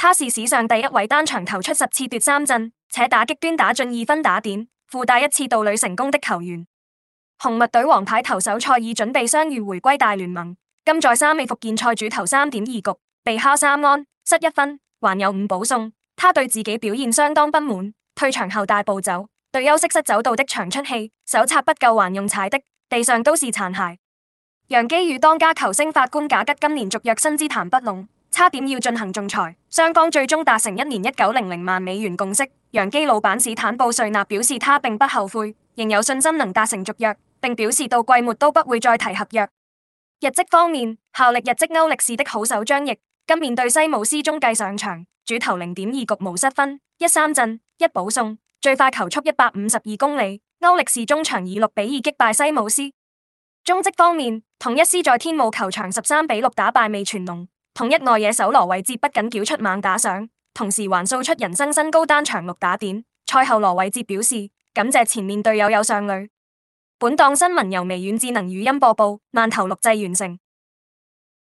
他是史上第一位單場投出十次奪三振且打擊端打進二分打點、附帶一次盜壘成功的球員。紅襪隊王牌投手賽爾準備傷愈，回歸大聯盟，今在三味複健賽主投三點二局，被敲三安，失一分，還有五保送。他對自己表現相當不滿，退場後大步走，對休息室走道的長出氣，手擦不夠還用踩的，地上都是殘骸。洋基與當家球星法官賈吉今年續約薪資談不攏。差點要進行仲裁，雙方最終達成一年一九零零萬美元共識。洋基老闆史坦布瑞納表示他並不後悔，仍有信心能達成續約，並表示到季末都不會再提合約。日職方面，效力日職歐力士的好手張奕今面對西武獅中繼上場，主投零點二局無失分，一三振一保送，最快球速一百五十二公里。歐力士中場以六比二擊敗西武獅。中職方面，統一獅在天母球場十三比六打敗味全龍。統一內野手羅偉哲不僅繳出猛打賞，同時還掃出人生新高單場六打點。賽後羅偉哲表示感謝前面隊友有上壘。本檔新聞由微軟智能語音播報，慢頭錄製完成。